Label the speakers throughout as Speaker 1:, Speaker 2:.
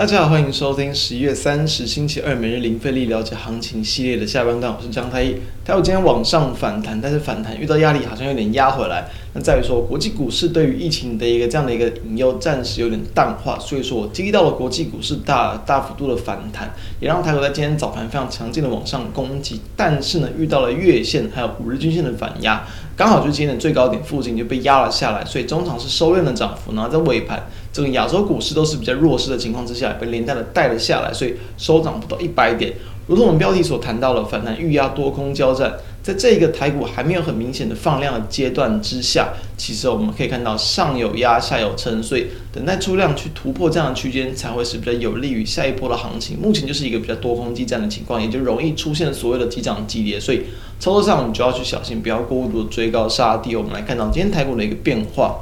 Speaker 1: 大家好，歡迎收聽十一月三十星期二每日零費力了解行情系列的下半段，我是張太一。台股今天往上反彈，但是反彈遇到壓力，好像有點壓回來。那在於說，國際股市對於疫情的一個這樣的一個引誘暫時有點淡化，所以說我激勵到了國際股市大大幅度的反彈，也讓台股在今天早盤非常強勁的往上攻擊，但是呢遇到了月線還有五日均線的反壓，剛好就今天的最高點附近就被壓了下來，所以中場是收斂了漲幅，然後在尾盤。這個亞洲股市都是比較弱勢的情況之下，被連帶的帶了下來，所以收漲不到一百點。如同我們標題所談到的，反彈遇壓，多空交戰，在這一個台股還沒有很明顯的放量的階段之下，其實我們可以看到上有壓，下有撐。所以等待出量去突破這樣的區間，才會是比較有利於下一波的行情。目前就是一個比較多空激戰的情況，也就容易出現所謂的急漲急跌。所以操作上，我們就要去小心，不要過度追高殺低。我們來看到今天台股的一個變化。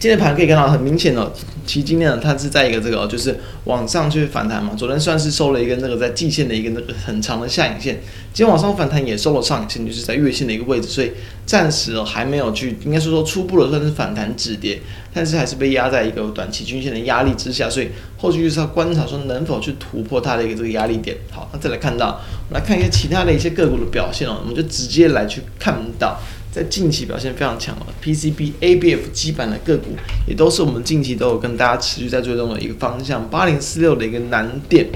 Speaker 1: 今天盤可以看到，很明顯的、哦，其實今天呢，它是在一個這個、哦、就是往上去反彈嘛。昨天算是收了一根那個在季線的一個那個很長的下影線，今天往上反彈也收了上影線，就是在月線的一個位置，所以暫時、哦、還沒有去，應該是說初步的算是反彈止跌，但是還是被壓在一個短期均線的壓力之下，所以後續就是要觀察說能否去突破它的一個這個壓力點。好，那再來看到，我們來看一下其他的一些個股的表現哦，我們就直接來去看到。在近期表現非常強了、哦、，PCB、ABF 基板的個股也都是我們近期都有跟大家持續在追蹤的一個方向，八零四六的一個南電。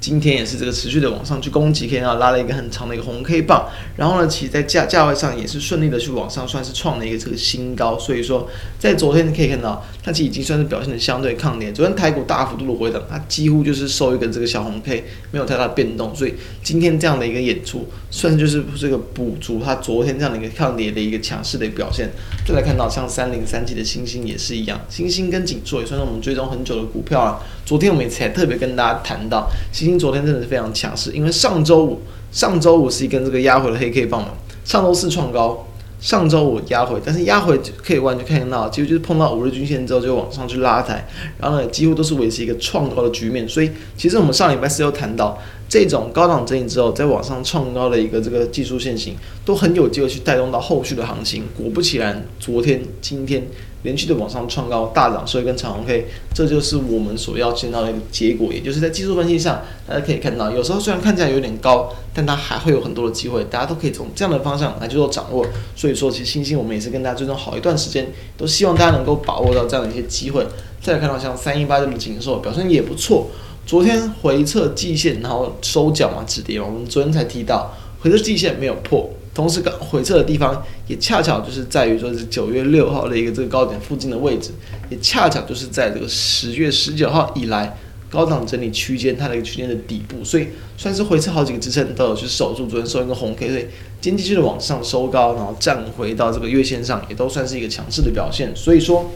Speaker 1: 今天也是這個持續的往上去攻擊，可以看到拉了一個很長的一個紅 K 棒。然後呢，其實在價價位上也是順利的去往上，算是創了一個這個新高。所以說，在昨天可以看到它其實已經算是表現的相對抗跌。昨天台股大幅度的回檔，它幾乎就是收一個這個小紅 K，沒有太大的變動。所以今天這樣的一個演出，算是就是這個補足它昨天這樣的一個抗跌的一個強勢的一個表現。再來看到像三零三七的星星也是一樣，星星跟景碩也算是我們追蹤很久的股票了。昨天我們也才特別跟大家談到星。昨天真的是非常強勢，因為上周五，上周五是一根這個壓回的黑 K 棒嘛，上周四創高，上周五壓回，但是壓回可以完全看得到，幾乎就是碰到五日均線之後就往上去拉抬，然後呢，幾乎都是維持一個創高的局面，所以其實我們上禮拜四有談到。這種高檔整理之後再往上創高的一個這個技術線型，都很有機會去帶動到後續的行情。果不其然，昨天、今天連續的往上創高大漲，所以跟長紅 K，這就是我們所要見到的一個結果。也就是在技術分析上，大家可以看到，有時候雖然看起來有點高，但它還會有很多的機會，大家都可以從這樣的方向來去做掌握。所以說，其實星星我們也是跟大家追蹤好一段時間，都希望大家能夠把握到這樣的一些機會。再來看到像三一八這麼緊的時候，表現也不錯。昨天回測季線，然後收腳嘛止跌我們昨天才提到回測季線沒有破，同時剛回測的地方也恰巧就是在於說是九月六號的一個這個高點附近的位置，也恰巧就是在這個十月十九號以來高檔整理區間它的一個區間的底部，所以算是回測好幾個支撐都有去守住。昨天收一個紅 K 所以經濟去的往上收高，然後站回到這個月線上，也都算是一個強勢的表現。所以說。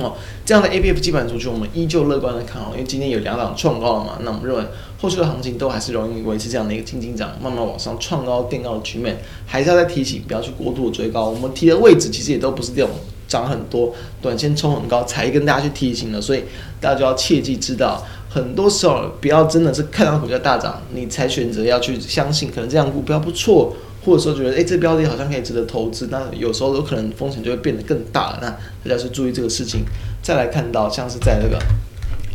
Speaker 1: 哦，這樣的 ABF 基本族群，我們依舊樂觀的看好，因為今天有兩檔創高了嘛。那我們認為後續的行情都還是容易維持這樣的一個漸漸漲、慢慢往上創高、墊高的局面，還是要再提醒，不要去過度追高。我們提的位置其實也都不是這種漲很多、短線衝很高才跟大家去提醒的，所以大家就要切記知道，很多時候不要真的是看到股價大漲，你才選擇要去相信，可能這樣股票不錯。或者說覺得，哎、欸，這標的好像可以值得投資，那有時候有可能風險就會變得更大了。那大家是注意這個事情，再來看到像是在那個。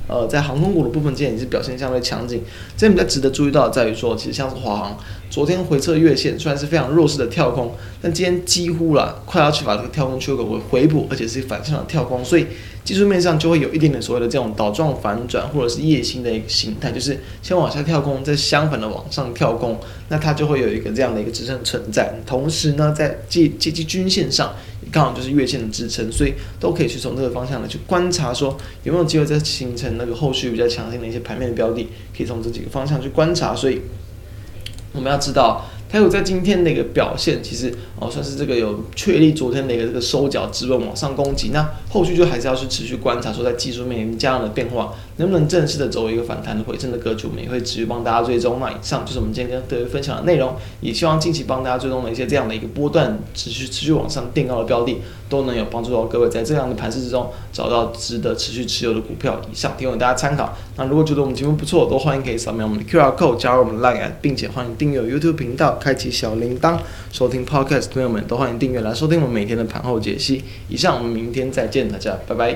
Speaker 1: 呃，在航空股的部分，今天也是表現相對強勁。今天比較值得注意到，在於說，其實像是華航，昨天回撤月線雖然是非常弱勢的跳空，但今天幾乎了，快要去把這個跳空缺口給回補，而且是反向的跳空，所以技術面上就會有一點點所謂的這種島狀反轉或者是夜星的一個形態，就是先往下跳空，再相反的往上跳空，那它就會有一個這樣的一個支撐存在。同時呢，在技、技術均線上。剛好就是月線的支撐，所以都可以去從這個方向來去觀察，說有沒有機會再形成那個後續比較強勁的一些盤面的標的，可以從這幾個方向去觀察。所以我們要知道，它有在今天那個表現，其實哦算是這個有確立昨天的一個這個收腳之後往上攻擊那，後續就還是要去持續觀察，說在技術面臨這樣的變化，能不能正式的走一個反彈回正的格局，我們也會持續幫大家追蹤。那以上就是我們今天跟各位分享的內容，也希望近期幫大家追蹤的一些這樣的一個波段，持續持續往上墊高的標的，都能有幫助到各位在這樣的盤勢之中找到值得持續持有的股票。以上提供大家參考。那如果覺得我們節目不錯，都歡迎可以掃描我們的 QR code 加入我們 Line 並且歡迎訂閱 YouTube 頻道，開啟小鈴鐺，收聽 Podcast。朋友們都歡迎訂閱來收聽我們每天的盤後解析。以上，我們明天再見。大家拜拜。